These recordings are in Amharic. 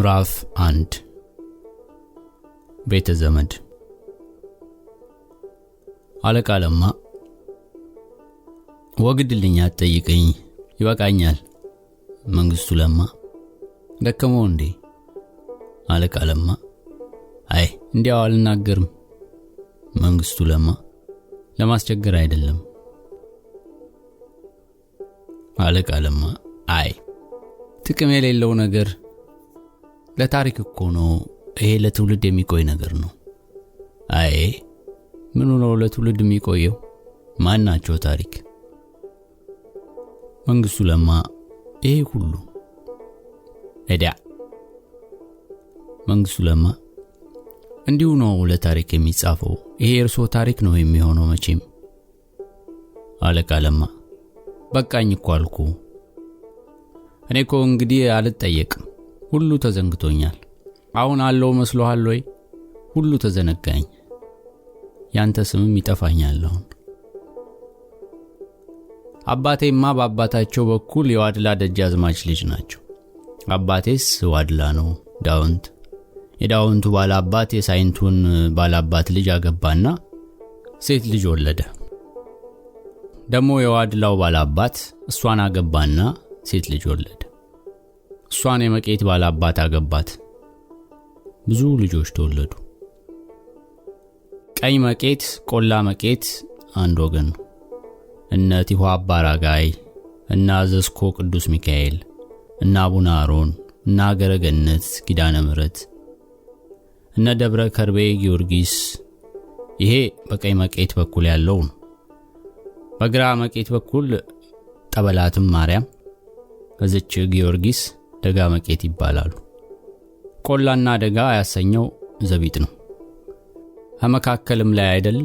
ምዕራፍ አንድ ቤተ ዘመድ አለቃ ለማ ወግድልኝ፣ አትጠይቀኝ፣ ይበቃኛል። መንግስቱ ለማ ደከመው እንዴ? አለቃ ለማ አይ እንዲያው አልናገርም። መንግስቱ ለማ ለማስቸገር አይደለም። አለቃ ለማ አይ ጥቅም የሌለው ነገር ለታሪክ እኮ ነው። ይሄ ለትውልድ የሚቆይ ነገር ነው። አይ ምኑ ነው ለትውልድ የሚቆየው? ማን ናቸው ታሪክ? መንግስቱ ለማ ይሄ ሁሉ እዳ መንግስቱ ለማ እንዲሁ ነው ለታሪክ የሚጻፈው። ይሄ እርሶ ታሪክ ነው የሚሆነው መቼም። አለቃ ለማ በቃኝ እኮ አልኩ። እኔ እኮ እንግዲህ አልጠየቅም ሁሉ ተዘንግቶኛል። አሁን አለው መስሎሃል ወይ? ሁሉ ተዘነጋኝ፣ ያንተ ስምም ይጠፋኛል። አባቴማ በአባታቸው በኩል የዋድላ አዝማች ልጅ ናቸው። አባቴስ ዋድላ ነው፣ ዳውንት። የዳውንቱ ባላባት የሳይንቱን ባላባት ልጅ አገባና ሴት ልጅ ወለደ። ደግሞ የዋድላው ባላባት እሷን አገባና ሴት ልጅ ወለደ። እሷን የመቄት ባላባት አገባት። ብዙ ልጆች ተወለዱ። ቀይ መቄት፣ ቆላ መቄት አንድ ወገን ነው። እነ ቲሆ አባ አራጋይ፣ እነ ቅዱስ ሚካኤል፣ እነ አቡነ አሮን፣ እና ገረገነት ኪዳነ ምረት እነ ደብረ ከርቤ ጊዮርጊስ። ይሄ በቀይ መቄት በኩል ያለው ነው። በግራ መቄት በኩል ጠበላትም ማርያም፣ ከዚች ጊዮርጊስ ደጋ መቄት ይባላሉ። ቆላና ደጋ ያሰኘው ዘቢጥ ነው። ከመካከልም ላይ አይደለ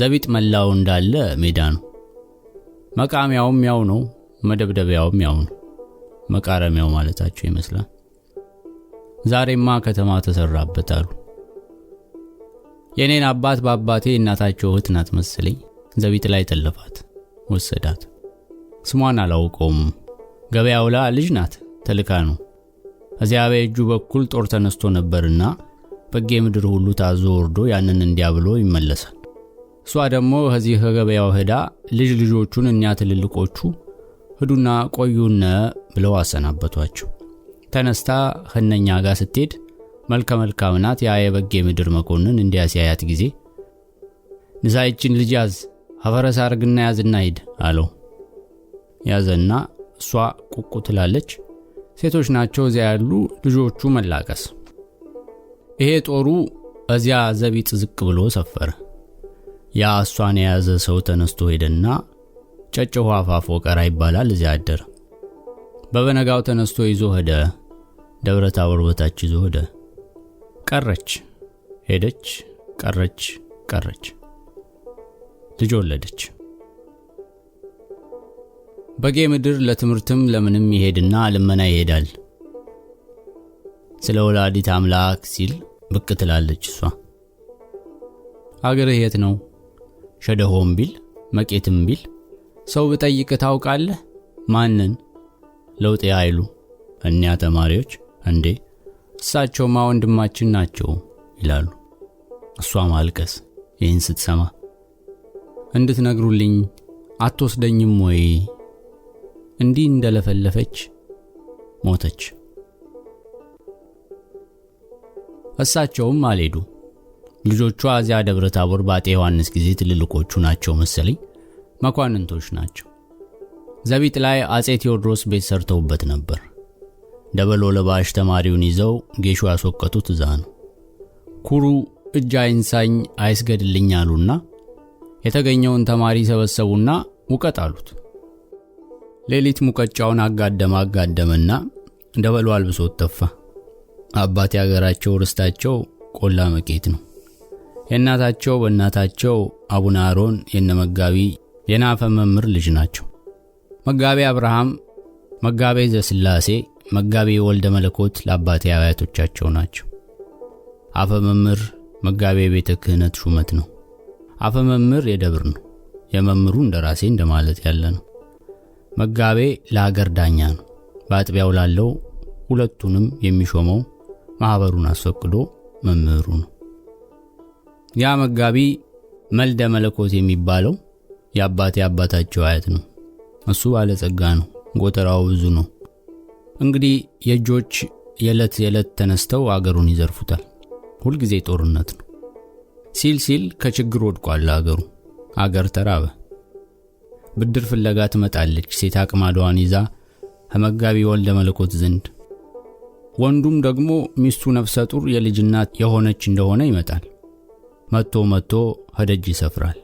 ዘቢጥ መላው እንዳለ ሜዳ ነው። መቃሚያውም ያው ነው፣ መደብደቢያውም ያው ነው። መቃረሚያው ማለታቸው ይመስላል። ዛሬማ ከተማ ተሰራበት አሉ። የኔን አባት በአባቴ እናታቸው እህት ናት መሰለኝ ዘቢጥ ላይ ተለፋት ወሰዳት። ስሟን አላውቀውም። ገበያው ላ ልጅ ናት ተልካ ነው። ከዚያ በእጁ በኩል ጦር ተነስቶ ነበርና በጌ ምድር ሁሉ ታዞ ወርዶ ያንን እንዲያብሎ ይመለሳል። እሷ ደግሞ ከዚህ ከገበያው ሄዳ ልጅ ልጆቹን እኒያ ትልልቆቹ ህዱና ቆዩነ ብለው አሰናበቷቸው። ተነስታ ከነኛ ጋር ስትሄድ መልከ መልካምናት ናት። ያ የበጌ ምድር መኮንን እንዲያ ሲያያት ጊዜ ንሳይችን ልጅ ያዝ ሀፈረስ አርግና ያዝና ሂድ አለው። ያዘና እሷ ቁቁ ትላለች። ሴቶች ናቸው እዚያ ያሉ ልጆቹ መላቀስ ይሄ ጦሩ እዚያ ዘቢጥ ዝቅ ብሎ ሰፈረ። ያ እሷን የያዘ ሰው ተነስቶ ሄደና ጨጨሆ አፋፎ ቀራ ይባላል እዚያ አደር በበነጋው ተነስቶ ይዞ ሄደ። ደብረ ታቦር በታች ይዞ ሄደ። ቀረች፣ ሄደች፣ ቀረች፣ ቀረች፣ ልጅ ወለደች። በጌ ምድር ለትምህርትም ለምንም ይሄድና ልመና ይሄዳል። ስለ ወላዲት አምላክ ሲል ብቅ ትላለች እሷ። አገርህ የት ነው? ሸደሆም ቢል መቄትም ቢል ሰው ብጠይቅ ታውቃለህ? ማንን? ለውጤ አይሉ እኒያ ተማሪዎች እንዴ እሳቸውማ ወንድማችን ናቸው ይላሉ። እሷ ማልቀስ ይህን ስትሰማ እንድትነግሩልኝ አትወስደኝም ወይ እንዲህ እንደለፈለፈች ሞተች። እሳቸውም አልሄዱ። ልጆቿ እዚያ ደብረ ታቦር በአጤ ዮሐንስ ጊዜ ትልልቆቹ ናቸው መሰለኝ መኳንንቶች ናቸው። ዘቢጥ ላይ አጼ ቴዎድሮስ ቤት ሰርተውበት ነበር። ደበሎ ለባሽ ተማሪውን ይዘው ጌሹ ያስወቀጡት እዛ ነው። ኩሩ እጅ አይንሳኝ አይስገድልኝ አሉና የተገኘውን ተማሪ ሰበሰቡና ውቀጥ አሉት። ሌሊት ሙቀጫውን አጋደመ አጋደመና ደበሎ አልብሶት ተፋ። አባት ያገራቸው ርስታቸው ቆላ መቄት ነው። የእናታቸው በእናታቸው አቡነ አሮን የነ መጋቢ የናፈ መምህር ልጅ ናቸው። መጋቤ አብርሃም፣ መጋቤ ዘስላሴ፣ መጋቤ ወልደ መለኮት ለአባቴ አያቶቻቸው ናቸው። አፈ መምህር መጋቤ ቤተ ክህነት ሹመት ነው። አፈ መምህር የደብር ነው። የመምህሩ እንደራሴ እንደማለት ያለ ነው። መጋቤ ለሀገር ዳኛ ነው። በአጥቢያው ላለው ሁለቱንም የሚሾመው ማኅበሩን አስፈቅዶ መምህሩ ነው። ያ መጋቢ መልደ መለኮት የሚባለው የአባቴ አባታቸው አያት ነው። እሱ ባለጸጋ ነው፣ ጎተራው ብዙ ነው። እንግዲህ የእጆች የዕለት የዕለት ተነስተው አገሩን ይዘርፉታል። ሁልጊዜ ጦርነት ነው። ሲል ሲል ከችግር ወድቋል አገሩ። አገር ተራበ። ብድር ፍለጋ ትመጣለች ሴት አቅማዷን ይዛ ከመጋቢ ወልደ መለኮት ዘንድ። ወንዱም ደግሞ ሚስቱ ነፍሰ ጡር የልጅናት የሆነች እንደሆነ ይመጣል። መጥቶ መጥቶ ሀደጅ ይሰፍራል።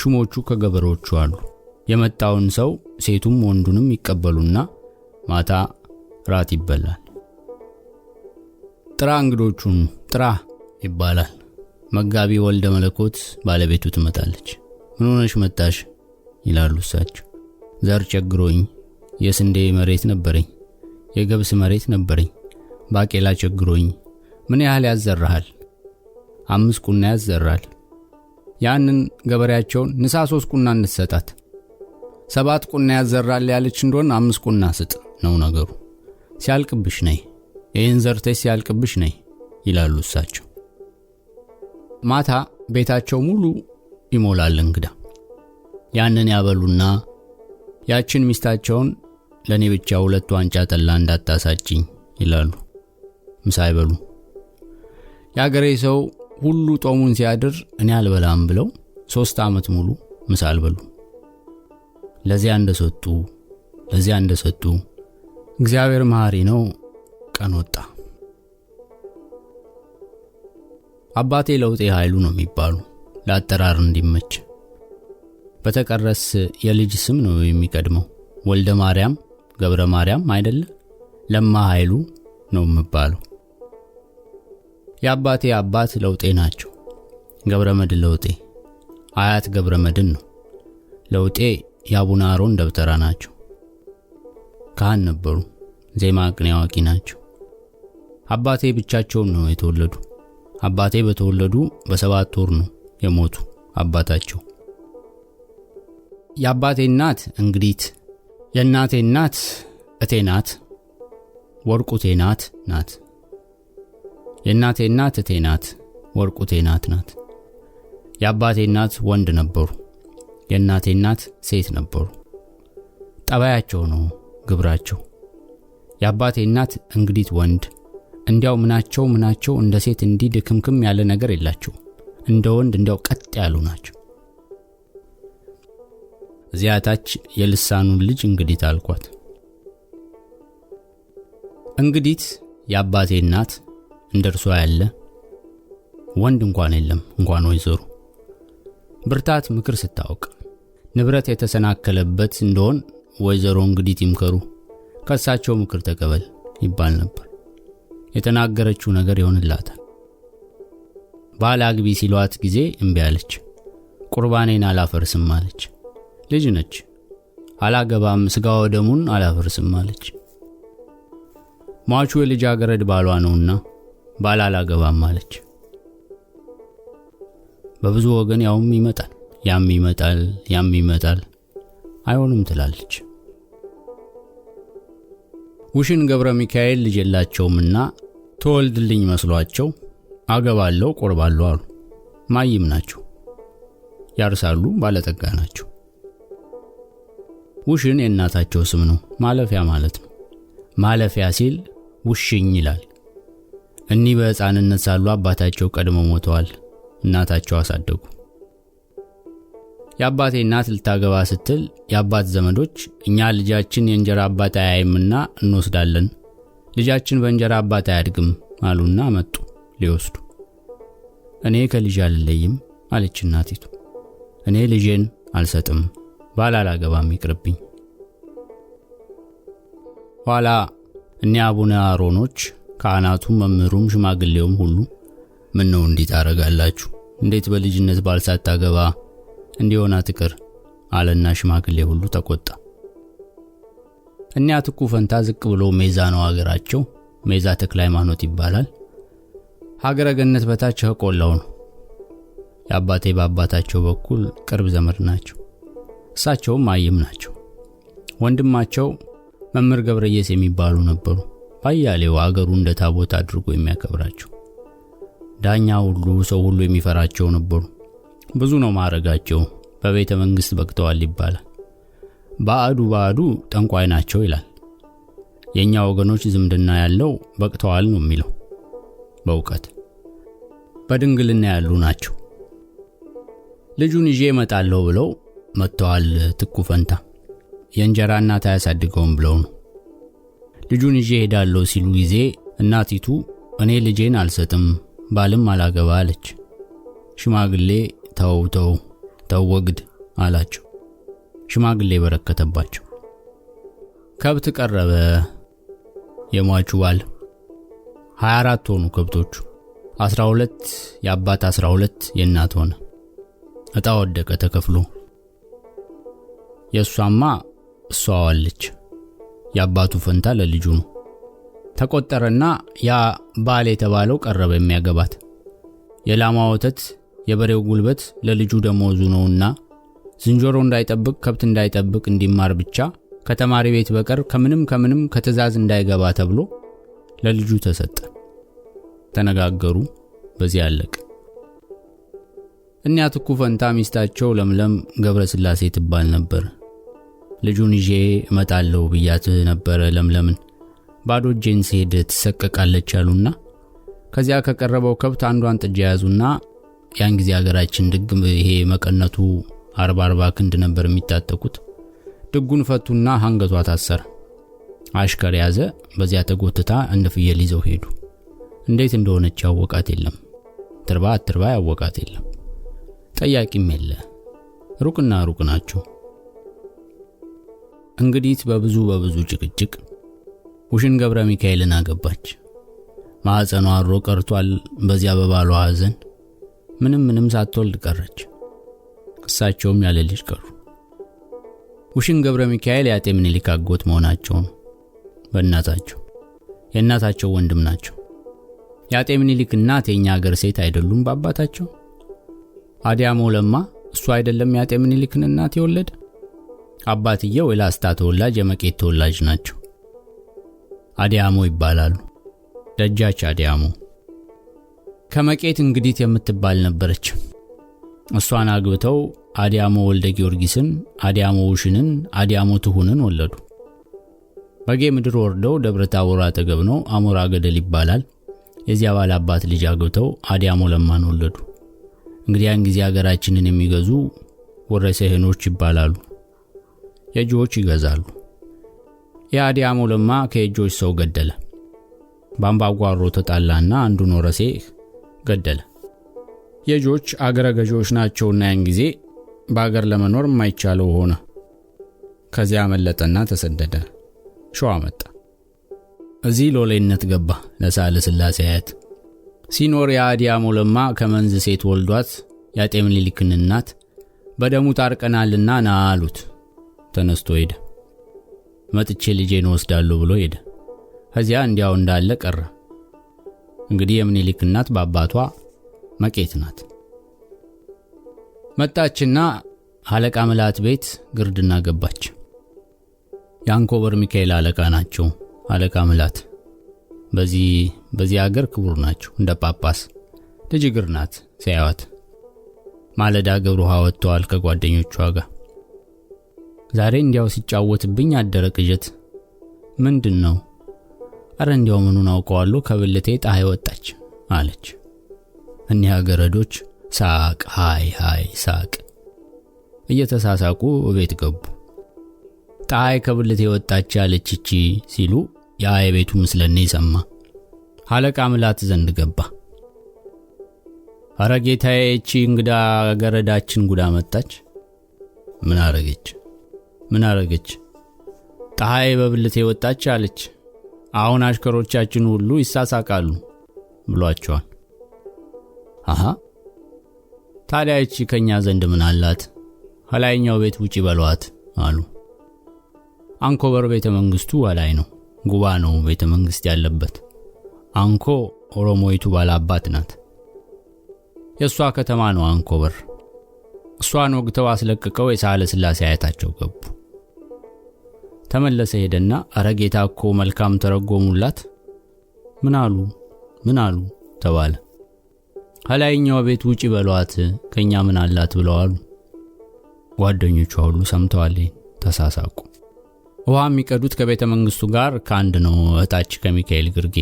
ሹሞቹ ከገበሬዎቹ አሉ። የመጣውን ሰው ሴቱም ወንዱንም ይቀበሉና ማታ ራት ይበላል። ጥራ እንግዶቹን ጥራ ይባላል። መጋቢ ወልደ መለኮት ባለቤቱ ትመጣለች። ምን ሆነሽ መጣሽ? ይላሉ እሳቸው። ዘር ቸግሮኝ የስንዴ መሬት ነበረኝ፣ የገብስ መሬት ነበረኝ፣ ባቄላ ቸግሮኝ። ምን ያህል ያዘራሃል? አምስት ቁና ያዘራል። ያንን ገበሬያቸውን ንሳ ሶስት ቁና እንሰጣት፣ ሰባት ቁና ያዘራል ያለች እንደሆን አምስት ቁና ስጥ ነው ነገሩ። ሲያልቅብሽ ነይ፣ ይህን ዘርተሽ ሲያልቅብሽ ነይ ይላሉ እሳቸው። ማታ ቤታቸው ሙሉ ይሞላል እንግዳ ያንን ያበሉና ያችን ሚስታቸውን ለእኔ ብቻ ሁለት ዋንጫ ጠላ እንዳታሳጭኝ ይላሉ። ምሳ አይበሉ። የአገሬ ሰው ሁሉ ጦሙን ሲያድር እኔ አልበላም ብለው ሶስት ዓመት ሙሉ ምሳ አልበሉ። ለዚያ እንደሰጡ ለዚያ እንደሰጡ እግዚአብሔር መሐሪ ነው። ቀን ወጣ። አባቴ ለውጤ ኃይሉ ነው የሚባሉ ለአጠራር እንዲመች በተቀረስ የልጅ ስም ነው የሚቀድመው። ወልደ ማርያም ገብረ ማርያም አይደለ? ለማ ኃይሉ ነው የምባለው። የአባቴ አባት ለውጤ ናቸው። ገብረ መድን ለውጤ አያት ገብረ መድን ነው። ለውጤ የአቡነ አሮን ደብተራ ናቸው። ካህን ነበሩ። ዜማ ቅኔ አዋቂ ናቸው። አባቴ ብቻቸውን ነው የተወለዱ። አባቴ በተወለዱ በሰባት ወር ነው የሞቱ አባታቸው የአባቴ እናት እንግዲት፣ የእናቴ እናት እቴ ናት፣ ወርቁቴ ናት ናት። የእናቴ እናት እቴ ናት፣ ወርቁቴ ናት ናት። የአባቴ እናት ወንድ ነበሩ፣ የእናቴ እናት ሴት ነበሩ። ጠባያቸው ነው ግብራቸው። የአባቴ እናት እንግዲት ወንድ እንዲያው ምናቸው ምናቸው እንደ ሴት እንዲህ ድክምክም ያለ ነገር የላቸው። እንደ ወንድ እንዲያው ቀጥ ያሉ ናቸው። ዚያታች የልሳኑን ልጅ እንግዲት አልኳት። እንግዲት የአባቴ እናት እንደ እርሷ ያለ ወንድ እንኳን የለም፣ እንኳን ወይዘሮ ብርታት ምክር ስታውቅ ንብረት የተሰናከለበት እንደሆን ወይዘሮ እንግዲት ይምከሩ፣ ከሳቸው ምክር ተቀበል ይባል ነበር። የተናገረችው ነገር ይሆንላታል። ባል አግቢ ሲሏት ጊዜ እምቢ አለች። ቁርባኔን አላፈርስም አለች። ልጅ ነች። አላገባም፣ ስጋ ወደሙን አላፈርስም አለች። ሟቹ የልጃገረድ ባሏ ነውና ባል አላገባም አለች። በብዙ ወገን ያውም ይመጣል፣ ያም ይመጣል፣ ያም ይመጣል፣ አይሆንም ትላለች። ውሽን ገብረ ሚካኤል ልጅ የላቸውምና ትወልድልኝ መስሏቸው አገባለው ቆርባለሁ አሉ። ማይም ናቸው፣ ያርሳሉ፣ ባለጠጋ ናቸው። ውሽን የእናታቸው ስም ነው፣ ማለፊያ ማለት ነው። ማለፊያ ሲል ውሽኝ ይላል። እኒህ በሕፃንነት ሳሉ አባታቸው ቀድሞ ሞተዋል፣ እናታቸው አሳደጉ። የአባቴ እናት ልታገባ ስትል የአባት ዘመዶች እኛ ልጃችን የእንጀራ አባት አያይምና እንወስዳለን፣ ልጃችን በእንጀራ አባት አያድግም አሉና መጡ ሊወስዱ። እኔ ከልጅ አልለይም አለች እናቲቱ። እኔ ልጄን አልሰጥም ባል አላገባም ይቅርብኝ። ኋላ እኒ አቡነ አሮኖች ካህናቱም፣ መምህሩም፣ ሽማግሌውም ሁሉ ምን ነው እንዲታረጋላችሁ እንዴት በልጅነት ባል ገባ እንዲሆና ትቅር አለና ሽማግሌ ሁሉ ተቆጣ። እኒያ ትኩ ፈንታ ዝቅ ብሎ ሜዛ ነው ሀገራቸው። ሜዛ ተክለ ሃይማኖት ይባላል። ሀገረ ገነት በታች ከቆላው ነው። የአባቴ በአባታቸው በኩል ቅርብ ዘመድ ናቸው። እሳቸውም አይም ናቸው። ወንድማቸው መምህር ገብረየስ የሚባሉ ነበሩ። ባያሌው አገሩ እንደ ታቦት አድርጎ የሚያከብራቸው ዳኛ ሁሉ ሰው ሁሉ የሚፈራቸው ነበሩ። ብዙ ነው ማረጋቸው። በቤተ መንግስት በቅተዋል ይባላል። ባዕዱ ባዕዱ ጠንቋይ ናቸው ይላል። የእኛ ወገኖች ዝምድና ያለው በቅተዋል ነው የሚለው። በእውቀት በድንግልና ያሉ ናቸው። ልጁን ይዤ እመጣለሁ ብለው መጥተዋል። ትኩ ፈንታ የእንጀራ እናት አያሳድገውም ብለው ነው ልጁን ይዤ ሄዳለሁ ሲሉ ጊዜ እናቲቱ እኔ ልጄን አልሰጥም ባልም አላገባ አለች። ሽማግሌ ተው ተው ተው ወግድ አላቸው። ሽማግሌ በረከተባቸው። ከብት ቀረበ። የሟቹ ባል 24 ሆኑ ከብቶቹ 12 የአባት 12 የእናት ሆነ። እጣ ወደቀ ተከፍሎ የእሷማ እሷ ዋለች። የአባቱ ፈንታ ለልጁ ነው። ተቆጠረና ያ ባል የተባለው ቀረበ የሚያገባት። የላማ ወተት የበሬው ጉልበት ለልጁ ደሞዙ ነውና ዝንጀሮ እንዳይጠብቅ ከብት እንዳይጠብቅ እንዲማር ብቻ ከተማሪ ቤት በቀር ከምንም ከምንም ከትዕዛዝ እንዳይገባ ተብሎ ለልጁ ተሰጠ። ተነጋገሩ። በዚህ አለቀ። እኒያ ትኩ ፈንታ ሚስታቸው ለምለም ገብረስላሴ ትባል ነበር። ልጁን ይዤ እመጣለሁ ብያት ነበረ። ለምለምን ባዶ እጄን ስሄድ ትሰቀቃለች አሉና ከዚያ ከቀረበው ከብት አንዷን ጥጃ ያዙና ያን ጊዜ ሀገራችን ድግ ይሄ መቀነቱ አርባ አርባ ክንድ ነበር የሚታጠቁት። ድጉን ፈቱና አንገቷ ታሰረ። አሽከር ያዘ። በዚያ ተጎትታ እንደ ፍየል ይዘው ሄዱ። እንዴት እንደሆነች ያወቃት የለም። ትርባ አትርባ ያወቃት የለም። ጠያቂም የለ። ሩቅና ሩቅ ናችሁ። እንግዲህ በብዙ በብዙ ጭቅጭቅ ውሽን ገብረ ሚካኤልን አገባች። ማኅፀኗ አሮ ቀርቷል። በዚያ በባሏ ሐዘን ምንም ምንም ሳትወልድ ቀረች። እሳቸውም ያለ ልጅ ቀሩ። ውሽን ገብረ ሚካኤል የአጤ ምኒልክ አጎት መሆናቸውን በእናታቸው የእናታቸው ወንድም ናቸው። የአጤ ምኒልክ እናት የእኛ ሀገር ሴት አይደሉም በአባታቸው አዲያሞ ለማ እሱ አይደለም የአጤ ምኒልክን እናት የወለደ? አባትየው የላስታ ተወላጅ የመቄት ተወላጅ ናቸው። አዲያሞ ይባላሉ። ደጃች አዲያሞ ከመቄት እንግዲት የምትባል ነበረች። እሷን አግብተው አዲያሞ ወልደ ጊዮርጊስን፣ አዲያሞ ውሽንን፣ አዲያሞ ትሁንን ወለዱ። በጌ ምድር ወርደው ደብረ ታቦር አጠገብ ነው፣ አሞራ ገደል ይባላል። የዚያ አባት ልጅ አግብተው አዲያሞ ለማን ወለዱ። እንግዲህ ያን ጊዜ ሀገራችንን የሚገዙ ወረሰህኖች ይባላሉ። የእጅዎች ይገዛሉ። የአዲያሞ ለማ ከእጆች ሰው ገደለ። በአምባጓሮ ተጣላና አንዱን ወረሴ ገደለ። የእጆች አገረ ገዢዎች ናቸውና ያን ጊዜ በአገር ለመኖር የማይቻለው ሆነ። ከዚያ አመለጠና ተሰደደ። ሸዋ መጣ። እዚህ ሎሌነት ገባ ለሳለ ሥላሴ አያት ሲኖር የአዲያ ሞለማ ከመንዝ ሴት ወልዷት የአጤ ምኒልክን እናት በደሙ ታርቀናልና ና አሉት። ተነስቶ ሄደ። መጥቼ ልጄን ወስዳለሁ ብሎ ሄደ። ከዚያ እንዲያው እንዳለ ቀረ። እንግዲህ የምኒልክ እናት በአባቷ መቄት ናት። መጣችና አለቃ ምልዓት ቤት ግርድና ገባች። የአንኮበር ሚካኤል አለቃ ናቸው አለቃ ምልዓት በዚህ በዚህ አገር ክቡር ናቸው እንደ ጳጳስ። ልጅግር ናት ሲያዩት። ማለዳ ግብር ውሃ ወጥተዋል ከጓደኞቿ ጋር። ዛሬ እንዲያው ሲጫወትብኝ አደረ እጀት ምንድን ነው? አረ እንዲያው ምኑን አውቀዋለሁ ከብልቴ ፀሐይ ወጣች አለች። እኒህ አገረዶች ሳቅ ሃይ ሃይ ሳቅ እየተሳሳቁ ቤት ገቡ። ፀሐይ ከብልቴ ወጣች አለች እቺ ሲሉ ያ ቤቱም ስለኔ ሰማ። አለቃ ምላት ዘንድ ገባ። አረ ጌታዬ፣ እንግዳ ገረዳችን ጉዳ መጣች። ምን አረገች? ምን አረገች? ጣሃይ በብልቴ ወጣች አለች። አሁን አሽከሮቻችን ሁሉ ይሳሳቃሉ ብሏቸዋል። አሃ ታዲያ እቺ ከኛ ዘንድ ምን አላት? ከላይኛው ቤት ውጪ በሏት አሉ። አንኮበር ቤተ መንግስቱ ወላይ ነው። ጉባ ነው ቤተ መንግስት ያለበት። አንኮ ኦሮሞይቱ ባላባት ናት። የእሷ ከተማ ነው አንኮ በር። እሷን ወግተው አስለቅቀው የሳህለ ስላሴ አያታቸው ገቡ። ተመለሰ ሄደና አረ እኮ መልካም ተረጎሙላት። ምን አሉ ምን አሉ ተባለ። ከላይኛው ቤት ውጪ በሏት ከኛ ምን አላት ብለዋሉ። ጓደኞቿ ሁሉ ሰምተዋል፣ ተሳሳቁ። ውሃ የሚቀዱት ከቤተ መንግስቱ ጋር ከአንድ ነው እህታች ከሚካኤል ግርጌ።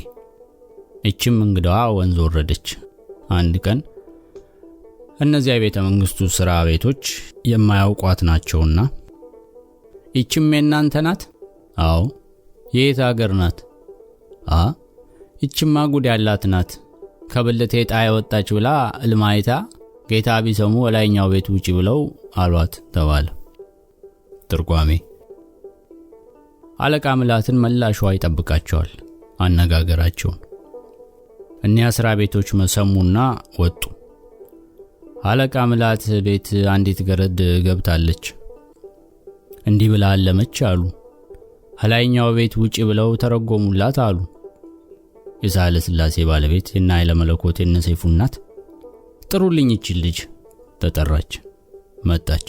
እችም እንግዳዋ ወንዝ ወረደች። አንድ ቀን እነዚያ የቤተ መንግስቱ ስራ ቤቶች የማያውቋት ናቸውና ይችም የእናንተ ናት? አዎ። የየት አገር ናት? አ ይችማ ጉድ ያላት ናት። ከብልቴ የጣ የወጣች ብላ ልማይታ ጌታ ቢሰሙ ወላይኛው ቤት ውጪ ብለው አሏት ተባለ። ትርጓሜ አለቃ ምላትን መላሿ ይጠብቃቸዋል። አነጋገራቸውን እኒያ ስራ ቤቶች መሰሙና ወጡ። አለቃ ምላት ቤት አንዲት ገረድ ገብታለች። እንዲህ ብላ አለመች አሉ። ከላይኛው ቤት ውጪ ብለው ተረጎሙላት አሉ። የሳህለ ስላሴ ባለቤት እና ኃይለ መለኮት የነ እናት ጥሩልኝ ይቺን ልጅ ተጠራች። መጣች።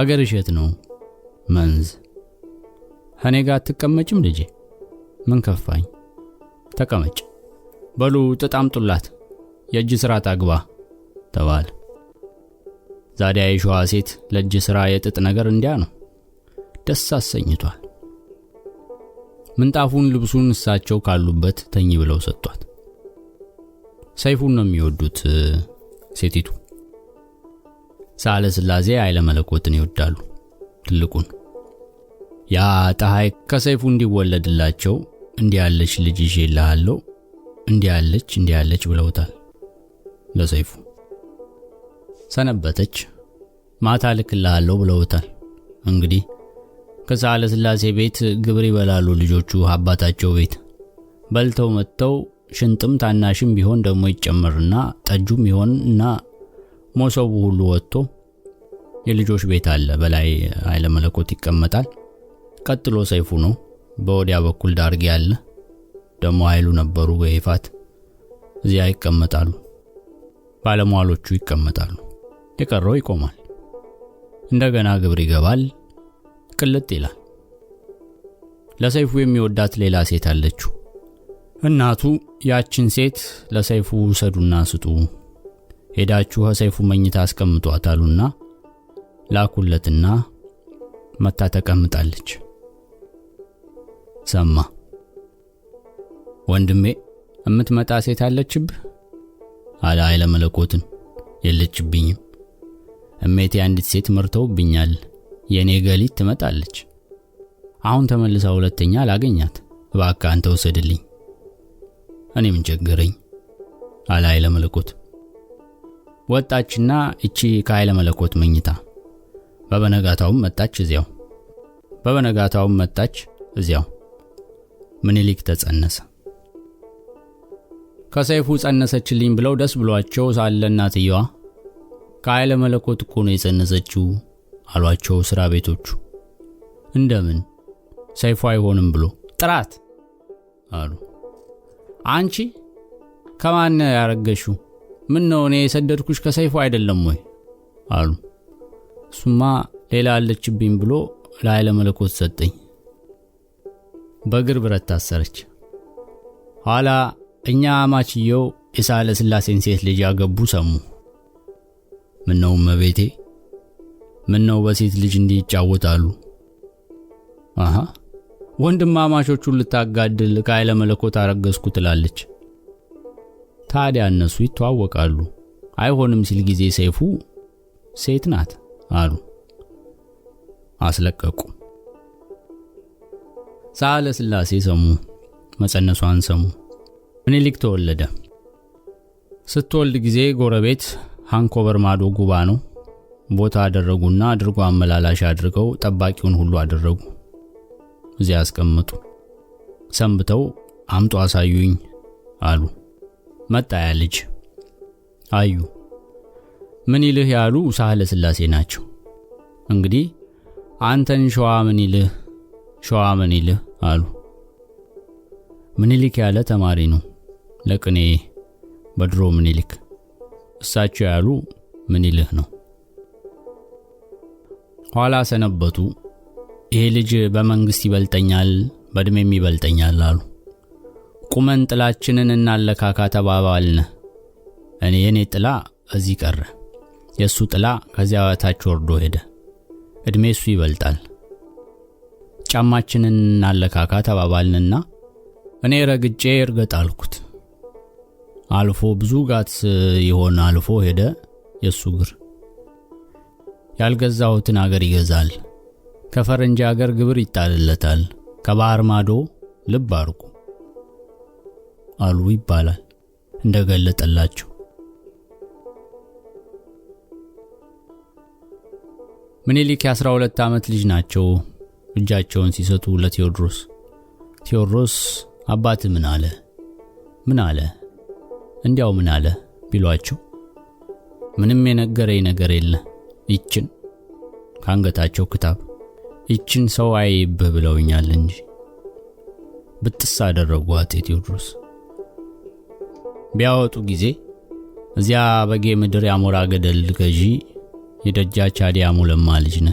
አገር እሸት ነው መንዝ እኔ ጋር አትቀመጭም ልጄ? ምን ከፋኝ? ተቀመጭ። በሉ ጥጥ አምጡላት፣ የእጅ ሥራ ታግባ ተባለ። ዛዲያ የሸዋ ሴት ለእጅ ሥራ የጥጥ ነገር እንዲያ ነው። ደስ አሰኝቷል። ምንጣፉን፣ ልብሱን እሳቸው ካሉበት ተኝ ብለው ሰጥቷት። ሰይፉን ነው የሚወዱት ሴቲቱ። ሳለ ስላዜ አይለ መለኮትን ይወዳሉ ትልቁን ያ ፀሐይ ከሰይፉ እንዲወለድላቸው እንዲያለች ልጅ ይዤልሃለሁ፣ እንዲህ እንዲያለች ብለውታል ለሰይፉ። ሰነበተች፣ ማታ ልክልሃለሁ ብለውታል። እንግዲህ ከዛ ሥላሴ ቤት ግብር ይበላሉ ልጆቹ አባታቸው ቤት በልተው መጥተው ሽንጥም ታናሽም ቢሆን ደግሞ ይጨመርና ጠጁም ይሆን እና መሶቡ ሁሉ ወጥቶ የልጆች ቤት አለ። በላይ ኃይለ መለኮት ይቀመጣል። ቀጥሎ ሰይፉ ነው። በወዲያ በኩል ዳርጌ አለ። ደሞ ኃይሉ ነበሩ በይፋት እዚያ ይቀመጣሉ። ባለሟሎቹ ይቀመጣሉ። የቀረው ይቆማል። እንደገና ግብር ይገባል። ቅልጥ ይላል። ለሰይፉ የሚወዳት ሌላ ሴት አለችው። እናቱ ያችን ሴት ለሰይፉ ውሰዱና ስጡ፣ ሄዳችሁ ከሰይፉ መኝታ አስቀምጧት ላኩለትና መታ ተቀምጣለች። ሰማ። ወንድሜ እምትመጣ ሴት አለችብህ አለ ኃይለ መለኮትን። የለችብኝም እሜቴ አንዲት ሴት መርተውብኛል። የእኔ ገሊት ትመጣለች። አሁን ተመልሳ ሁለተኛ አላገኛት። እባክህ አንተ ውሰድልኝ። እኔ ምን ቸገረኝ አለ ኃይለ መለኮት። ወጣችና እቺ ከኃይለ መለኮት መኝታ በበነጋታውም መጣች እዚያው በበነጋታውም መጣች እዚያው ምኒልክ ተጸነሰ። ከሰይፉ ጸነሰችልኝ ብለው ደስ ብሏቸው ሳለ እናትየዋ ከኃይለ መለኮት እኮ ነው የጸነሰችው አሏቸው ሥራ ቤቶቹ። እንደምን ሰይፉ አይሆንም ብሎ ጥራት አሉ። አንቺ ከማን ያረገሹ ምን ነው እኔ የሰደድኩሽ ከሰይፉ አይደለም ወይ አሉ። እሱማ ሌላ አለችብኝ ብሎ ለኃይለ መለኮት ሰጠኝ። በእግር ብረት ታሰረች። ኋላ እኛ አማችየው የሳህለ ስላሴን ሴት ልጅ ያገቡ ሰሙ። ምነው መቤቴ ምነው በሴት ልጅ እንዲህ ይጫወታሉ? አሃ ወንድማማቾቹን ልታጋድል ከኃይለ መለኮት አረገዝኩ ትላለች። ታዲያ እነሱ ይተዋወቃሉ። አይሆንም ሲል ጊዜ ሰይፉ ሴት ናት አሉ፣ አስለቀቁ። ሳህለ ስላሴ ሰሙ፣ መጸነሷን ሰሙ። ምኒልክ ተወለደ። ስትወልድ ጊዜ ጎረቤት ሃንኮቨር ማዶ ጉባ ነው ቦታ አደረጉና አድርጎ አመላላሽ አድርገው ጠባቂውን ሁሉ አደረጉ። እዚያ አስቀምጡ። ሰንብተው አምጦ አሳዩኝ አሉ። መጣ ያ ልጅ አዩ። ይልህ ያሉ ሳህለ ስላሴ ናቸው። እንግዲህ አንተን ሸዋ ይልህ ሸዋ ምኒልህ አሉ። ምኒልክ ያለ ተማሪ ነው ለቅኔ በድሮ ምኒልክ እሳቸው ያሉ ምኒልህ ነው። ኋላ ሰነበቱ። ይሄ ልጅ በመንግስት ይበልጠኛል፣ በእድሜም ይበልጠኛል አሉ። ቁመን ጥላችንን እናለካካ ተባባልነ። እኔ የኔ ጥላ እዚህ ቀረ፣ የእሱ ጥላ ከዚያ በታች ወርዶ ሄደ። እድሜ እሱ ይበልጣል። ጫማችንን እናለካካ ተባባልንና እኔ ረግጬ እርገጥ አልኩት። አልፎ ብዙ ጋት ይሆን አልፎ ሄደ የሱ እግር። ያልገዛሁትን አገር ይገዛል፣ ከፈረንጅ አገር ግብር ይጣልለታል፣ ከባህር ማዶ ልብ አርቁ አሉ ይባላል እንደገለጠላቸው። ምኒልክ የ12 ዓመት ልጅ ናቸው። እጃቸውን ሲሰጡ ለቴዎድሮስ። ቴዎድሮስ አባት ምን አለ ምን አለ እንዲያው ምን አለ ቢሏቸው ምንም የነገረኝ ነገር የለ ይችን ከአንገታቸው ክታብ ይችን ሰው አይብህ ብለውኛል እንጂ ብጥስ አደረጓት። ቴዎድሮስ ቢያወጡ ጊዜ እዚያ በጌ ምድር ያሞራ ገደል ገዢ የደጃ አዲያሙ ለማ ልጅ ነ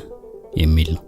የሚል ነው።